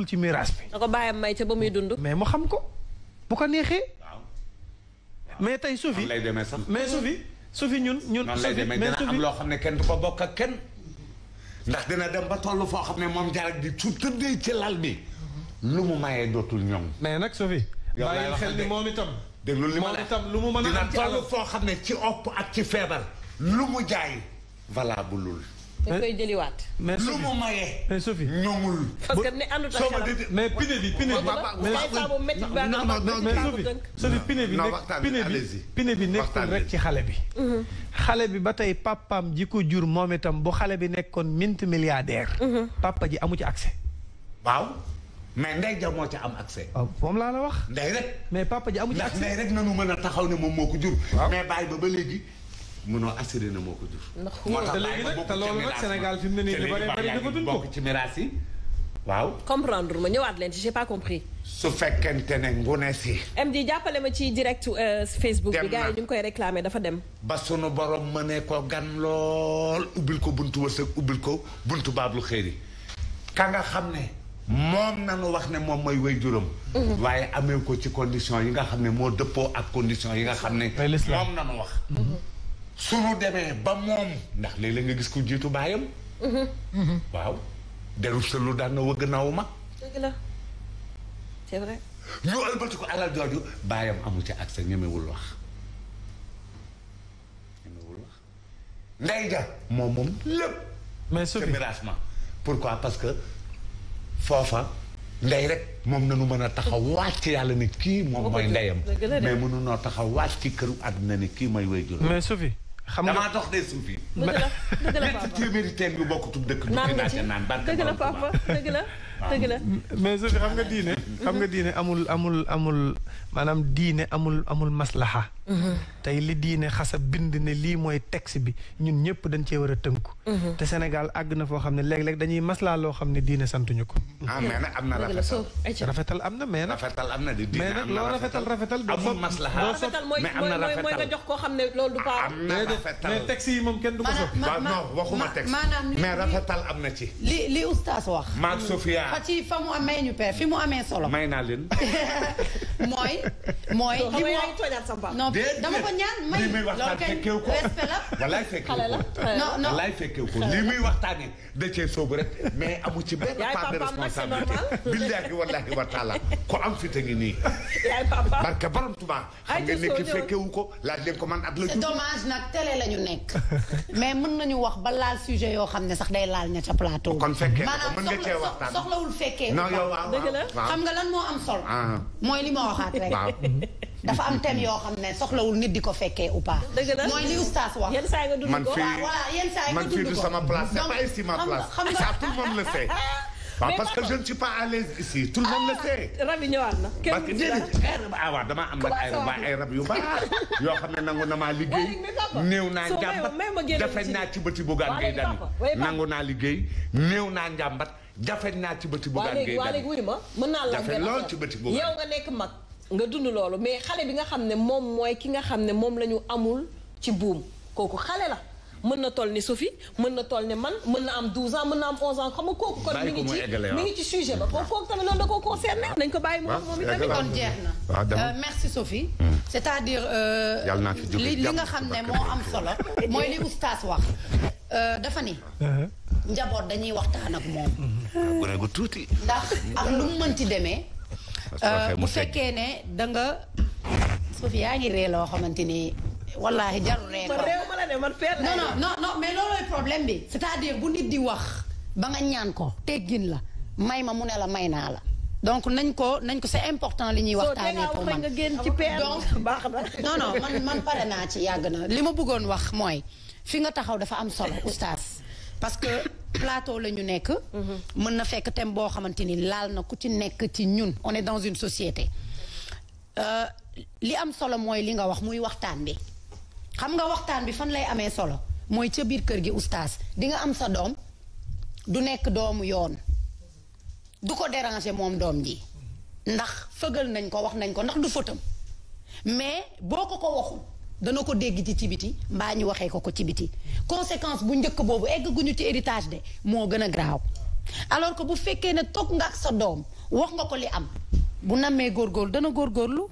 bokkul ci miraas bi. na ko bàyyam may ca ba muy dund. mais mu xam ko bu ko neexee. mais tey Sophie mais Sophie Sophie ñun ñun. Sophie mais dina am loo xam ne kenn du ko bokk ak kenn. ndax dina dem ba tollu foo xam ne moom jarak di su tëddee ci lal bi. lu mu mayee dootul ñoom. mais nag Sophie. bàyyi xel ni moom itam. déglu li ma la itam lu mu mën a am foo xam ne ci opp ak ci feebal lu mu jaay valable lul. dañ koy jëliwaat. mais lu mu maye. mais Sophie ñoomul. parce que ne àndut ak xelam mais pine bi pine bi. mais Sophie Sophie pine bi nekk pine bi pine bi nekkul rek ci xale bi. Mhm. xale bi ba tey papaam ji ko jur moom itam bu xale bi nekkoon minti milliardaire. Mhm. papa ji amu ci accès. waaw. mais ndey ja moo ci am accès. waaw oh, moom laa la wax. ndey rek. mais papa ji amu ci accès. ndey rek nanu mën a taxaw ne moom moo ko jur. mais bàyyi ba ba léegi. mënoo assuré na moo ko jur. ndax moo tax léegi nag te loolu nag Sénégal fi ci miraas yi waaw. comprendre ma ñëwaat leen ci j'ai pas compris. su fekkente ne ngune si. MD jàppale ma ci direct euh, Facebook bi gars yi ñu ngi koy réclamer dafa dem. ba sunu borom mënee ko gan lool ubbil ko buntu wërsëg ubbil ko buntu baab lu baablu yi ka nga xam ne. moom nanu wax ne moom mooy wéy juróom. Mhm. waaye amee ko ci condition yi nga xam ne moo dëppoo ak condition yi nga xam ne. moom nanu wax. Mhm. suñu demee ba moom ndax léeg-léeg nga gis ku jiitu baayam mm-hmm. Mm-hmm. waaw derub sëlu daan na wëgg naaw ma ñu ëlbati ko alal jooju baayam amu ci accès ñemewul wax ñemewul wax ndey ja moom moom lépp mais ce mirage pourquoi parce que foofa ndey rek moom nanu mën a taxaw waat ci yàlla ne kii moom mooy ndeyam mais mënu noo taxaw waat ci këru àdduna ne kii mooy way juróom mais suufi xam nga damaa dox de suufi ñetti téeméeri teen dëkk du fi naate mais suufi xam nga diine xam nga diine amul amul amul maanaam diine amul amul maslaha mm-hmm. tey li diine xasa bind ne lii mooy texte bi ñun ñëpp dañ cee war a tënku. Mhm. te Sénégal àgg na foo xam ne léeg-léeg dañuy maslaa loo xam ne diine santuñu ko. ah mais nag am na rafetal. rafetal am na mais rafetal am na di diine am na rafetal rafetal amul maslaa rafetal mooy mooy nga jox koo xam ne loolu du paa. am na rafetal mais moom kenn du ko soppi. maanaam non waxuma texte. mais am na ci. li li oustaz wax. maak Sofia fa ci fa mu amee ñu père fi mu amee solo. may naa leen. mooy. mooy li mu ko ñaan may li muy waxtaan fekkew ko walaay fekkew ko non non walaay fekkew ko li muy waxtaanee da cee soobu rek mais amu ci benn part de responsabilité billaahi wallaahi wa taala ko am fi te ngi nii barke borom Tuubaa xam nga nekk fekkewu ko laaj leen ko man at la jur dommage nag télé la ñu nekk mais mën nañu wax ba laal sujet yoo xam ne sax day laal ña ca plateau kon fekkee mën nga cee waxtaan soxlawul fekkee non yow waaw xam nga lan moo am solo ah. mooy li ma waxaat rek dafa am thème yoo xam ne soxlawul nit di ko fekkee ou pas. mooy li oustaz wax. yenn saa yi man fii du sama place c'est pas ici ma place. xam nga ça tout le monde le sait. mais parce que je ne suis pas à l'aise ici tout le monde le ah, rab yi ñëwaat na. kenn du dara eh, ah, damaa am nag ay rab ay rab yu baax yoo xam ne nangu na maa liggéey. néew naa njàmbat defeñ naa ci bëti bugaan ngay dani nangu naa liggéey néew naa njàmbat jafeñ naa ci bëti bugaan a dani. waaw léegi waaw léegi wuyu mën naa la jafe lool ci bëti bugaan nga dund loolu mais xale bi nga xam ne moom mooy ki nga xam ne moom la ñu amul ci buum kooku xale la mën na toll ni Sophie mën na toll ne man mën na am 12 ans mën na am 11 ans xam nga kooku kon mi ngi ci mi nañ ko bàyyi moom moom itamit kon jeex na ah, euh, merci Sophie hmm. c'est-à-dire euh, li li moo am solo mooy li oustaz wax euh, dafa ni uh-huh. njaboot dañuy waxtaan ak moom ah, tuuti ndax ak lu mu mënti demee Euh, bu fekkee ne da nga yaa ngi ree loo xamante ni wallaahi jaru ree ko non non non mais loolooy problème bi c'est-à-dire bu nit di wax ba nga ñaan ko teggin la may ma mu ne la may naa la donc nañ ko nañ ko c'est important li ñuy waxtaanee pour man donc baax na non non man man pare naa ci yàgg na li ma bëggoon wax mooy fi nga taxaw dafa am solo oustaz parce que plateau la ñu nekk. Mhm. mën na fekk thème boo xamante ni laal na ku ci nekk ci ñun on est dans une société. Euh, li am solo mooy li nga wax muy waxtaan bi xam nga waxtaan bi fan lay amee solo mooy ca biir kër gi oustaz di nga am sa doom du nekk doomu yoon du ko déranger moom doom ji ndax fëgal nañ ko wax nañ ko ndax du fëtam mais boo ko ko waxul. dana ko dégg ci ci biti mbaa ñu waxee ko ko ci biti conséquence bu njëkk boobu egguñu ci héritage de moo gën a graaw alors que bu fekkee ne toog nga ak sa doom wax nga ko li am bu nammee góorgóorlu dana góor góorlu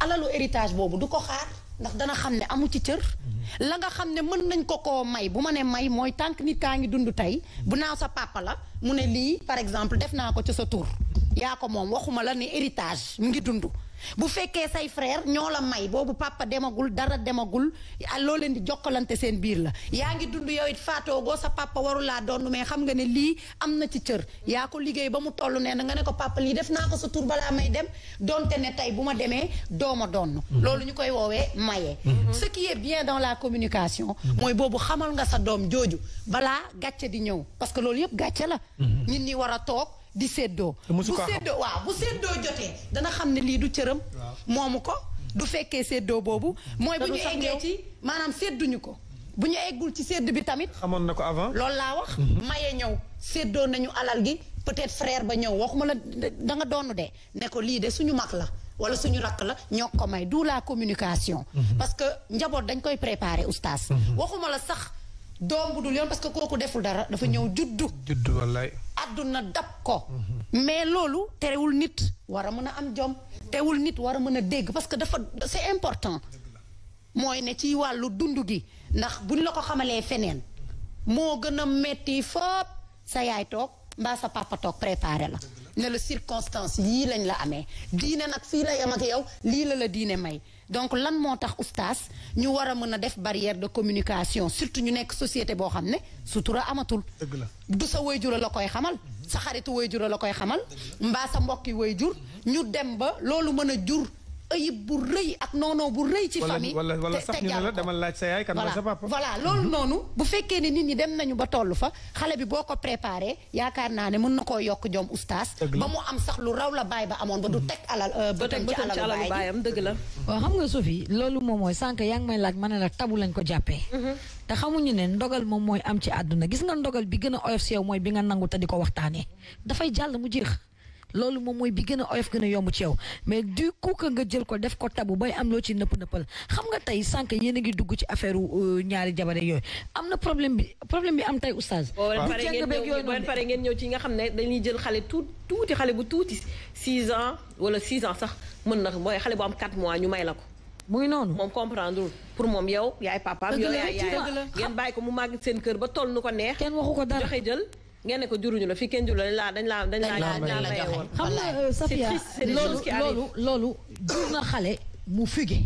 alalu héritage boobu du ko xaar ndax dana xam ne amu ci cër la nga xam ne mën nañ ko koo may bu ma ne may mooy tànk nit kaa ngi dund tey bu naaw sa papa la mu ne lii par exemple def naa ko ca sa tur yaa ko moom waxuma la ne héritage mu ngi dund bu fekkee say frère ñoo la may boobu papa demagul dara demagul ah, loolu leen di jokkalante seen biir la yaa ngi dund yow it faatoo goo sa papa warulaa laa doon mais xam nga ne lii am na ci cër yaa ko liggéey ba mu toll nee na nga ne ko papa lii def naa ko sa tur balaa may dem donte ne tey bu ma demee dooma doon. Mhm. loolu ñu koy woowee maye. Mhm. ce bien dans la communication. mooy boobu xamal nga sa doom jooju balaa gàcce di ñëw parce que loolu yëpp gàcce la. Mhm. nit ñi war a toog. di séddoo bu séddoo waaw bu séddoo jotee dana xam ne lii du cëram moomu ko du fekkee séddoo boobu mm. mooy bu ñu eggee ci maanaam sédduñu ko bu ñu eggul ci sédd bi tamit xamoon na ko avant loolu laa wax mm-hmm. maye ñëw séddoo nañu alal gi peut-être frère ba ñëw waxuma la da nga doonu de ne ko lii de suñu mag la wala suñu rakk la ñoo ko may d'où la communication mm-hmm. parce que njaboot dañ koy préparer oustaz mm-hmm. waxuma la sax doom bu dul yoon parce que kooku deful dara dafa ñëw mhm. juddu. juddu wallaay. adduna dab ko. Mhm. mais loolu terewul nit war a mën a am jom. terewul nit war a mën a dégg parce que dafa c'est important. mooy ne ci wàllu dund gi ndax bu ñu la ko xamalee feneen moo gën a metti foop sa yaay toog mbaa sa papa toog préparé la ne la circonstance yii lañ la amee diine nag fii la yam ak yow lii la la diine may. donc lan moo tax oustaz ñu war a mën a def barrière de communication surtout ñu nekk société boo xam ne sutura amatul. dëgg la du sa wayjur la koy xamal. sa xaritu wayjur la koy xamal. mbaa sa mbokki jur ñu dem ba loolu mën a jur. ëyib bu rëy ak noonoo bu rëy ci famille wala la dama laaj sa loolu noonu bu fekkee ne nit ñi dem nañu ba toll fa xale bi boo ko préparé yaakaar naa ne mën na koo yokk jom oustaz ba mu am sax lu raw la baay ba amoon ba du mm-hmm. teg alal euh, ba teg bëtam ci alalu baayam dëgg la waaw xam nga Sophie loolu moom mooy sànq yaa ngi may laaj ma ne la tabu lañ ko jàppee mm-hmm. te xamuñu ne ndogal moom mooy am ci àdduna gis nga ndogal bi gën a oyof si mooy bi nga nangu te di ko waxtaanee dafay jàll loolu moom mooy bi gën a oyof gën a yomb ci yow mais du coup que nga jël ko def ko tabu bay am loo ci nëpp nëppal xam nga tey sànq yéen a ngi dugg ci affaire euh, ñaari jabare yooyu am na problème bi problème bi am tey oustaz. bu jàng beeg yooyu noonu pare ngeen ñëw ci nga xam ne dañuy jël xale tuut tuuti xale bu tuuti 6 ans wala 6 ans sax mën na mooy xale bu am 4 mois ñu may la ko. muy noonu moom comprendre pour moom yow yaay papaam yow yaay yaay ngeen bàyyi ko mu màgg seen kër ba toll nu ko neex. kenn waxu ko dara joxe jël. ngeen ne ko juruñu la fi kenn jur la dañ laa dañ laa dañ laa dañ laa maye woon xam nga Safia loolu loolu loolu jur na xale mu fuge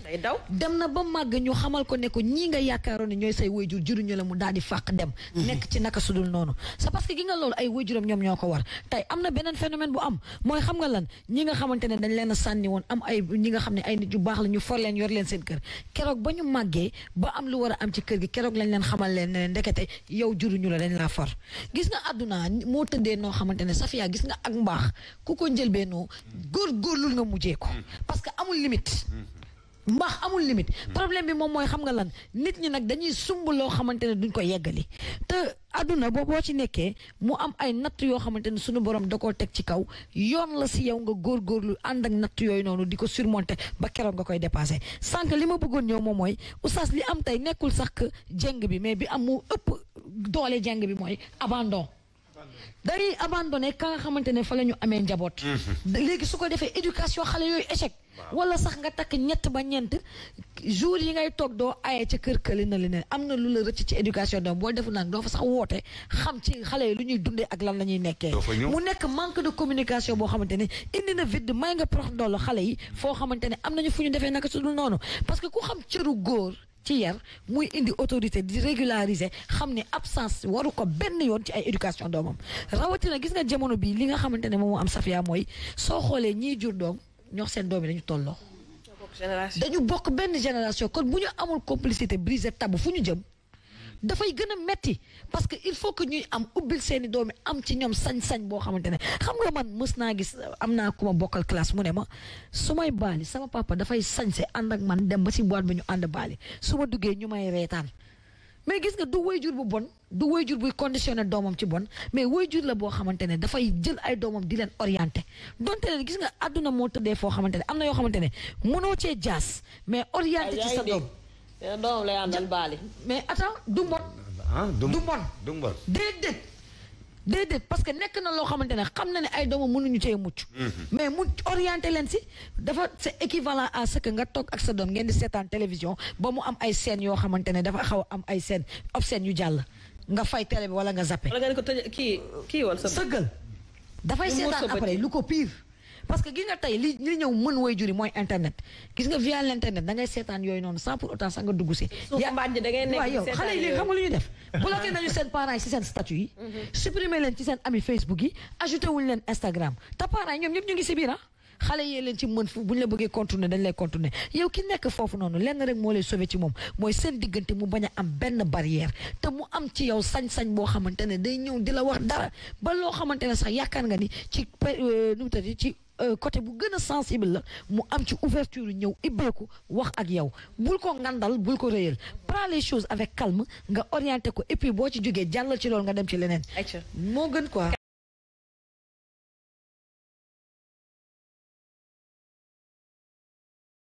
day daw dem na ba màgg ñu xamal ko ne ko ñii nga yaakaaroon ne ñooy say wayjur juruñu la mu daal di fàq dem mhm. nekk ci naka sudul noonu c'est parce gi nga loolu ay wayjuram ñoom ñoo ko war tey am na beneen phénomène bu mooy xam nga lan ñi nga xamante ne dañ leen a sànni woon am ay ñi xam ne ay nit yu baax la ñu for leen yor leen seen kër keroog ba ñu màggee ba am lu war am ci kër gi keroog lañ leen xamal leen ne leen ndekete yow juruñu la dañ laa for gis nga àdduna moo tëddee noo xamante ne Safia gis nga ak mbaax ku ko góor mhm. góorgóorlul nga mujjee ko mhm. parce amul limite mbaax amul limite problème bi moom mooy xam nga lan nit ñi nag dañuy sumb loo xamante ne duñ ko yeggali te adduna boo boo ci nekkee mu am ay natt yoo xamante ne suñu borom da koo teg ci kaw yoon la si yow nga góor góorgóorlu ànd ak natt yooyu noonu di ko surmonte ba keroog nga koy dépassé sànq li ma bëggoon ñëw moom mooy oustaz li am tey nekkul sax jeng bi mais bi am mu ëpp doole jàng bi mooy abandon dañuy abandonné ka nga xamante ne fa la ñu amee njaboot mm-hmm. léegi su ko defee éducation xale yooyu échec wala sax nga takk ñett ba ñeent jour yi ngay toog doo aye ca kër këli na leneen am na lu la rëcc ci éducation doom boo defu nag doo fa sax woote xam ci xale yi lu ñuy dundee ak lan la ñuy nekkee mu nekk manque de communication boo xamante ne indi na vide may nga prox ndoolu xale yi foo xamante ne am nañu fu ñu defee naka su dul noonu parce que ku xam cëru góor ci yar muy indi autorité di régulariser xam ne absence waru ko benn yoon ci ay éducation doomam rawatina gis nga jamono bii li nga xamante ne moom moo am Safia mooy soo xoolee ñiy jur doom ñox seen doom yi dañu tolloo. dañu bokk benn génération kon bu ñu amul complicité briser tabou fu ñu jëm. dafay gën a metti parce que il faut que ñuy am ubbil seeni doom doomi am ci ñoom sañ-sañ boo xamante ne xam la man mës naa gis am naa ku ma bokkal classe mu ne ma su may baali sama papa dafay sañ si ànd ak man dem ba si boîte bi ñu ànd baali su ma duggee ñu may reetaan mais gis nga du wayjur bu bon du wayjur buy conditionné doomam ci bon mais jur la boo xamante ne dafay jël ay doomam di leen orienté donte ne gis nga àdduna moo tëddee foo xamante ne am na yoo xamante ne mënoo cee jaas mais orienté ci sa doom doom lay àndal baali mais attends du mbon ah, du mbon déedéet déedéet parce que nekk na loo xamante ne xam na ne ay doomam mënuñu cee mucc. Mhm. mais mu orienté leen si dafa c'est équivalent à ce que nga toog ak sa doom ngeen di seetaan télévision ba mu am ay scènes yoo xamante ne dafa xaw a am ay scènes obscènes yu jàll nga fay télé bi wala nga zappé. wala nga ko tëj kii kii wala sëggal dafay seetaan après lu ko pire. parce que gis nga tey li li ñëw mën way juri mooy internet gis nga via l' internet da ngay seetaan yooyu noonu sans pour autant sax nga dugg si. suuf mbaa yow xale yi léegi xam nga lu def. bloqué nañu seen parents yi si seen statut yi. Mhm. supprimer leen ci seen ami Facebook yi ajouté wuñ leen Instagram te parents yi ñoom ñëpp ñu ngi si biir ah. xale yee leen ci mën fu bu ñu la bëggee contourner dañ lay contourner yow ki nekk foofu noonu lenn rek moo lay sauvé ci moom mooy seen diggante mu bañ a am benn barrière te mu am ci yow sañ-sañ boo xamante ne day ñëw di la wax dara ba loo xamante ne sax yaakaar nga ni ci euh, nu mu ci. Euh, côté bu gën a sensible la mu am ci ouverture ñëw ibbeeku wax ak yow bul ko ngandal bul ko réyal prends les choses avec calme nga orienté ko et puis boo ci jógee jàllal ci loolu nga dem ci leneen moo gën quoi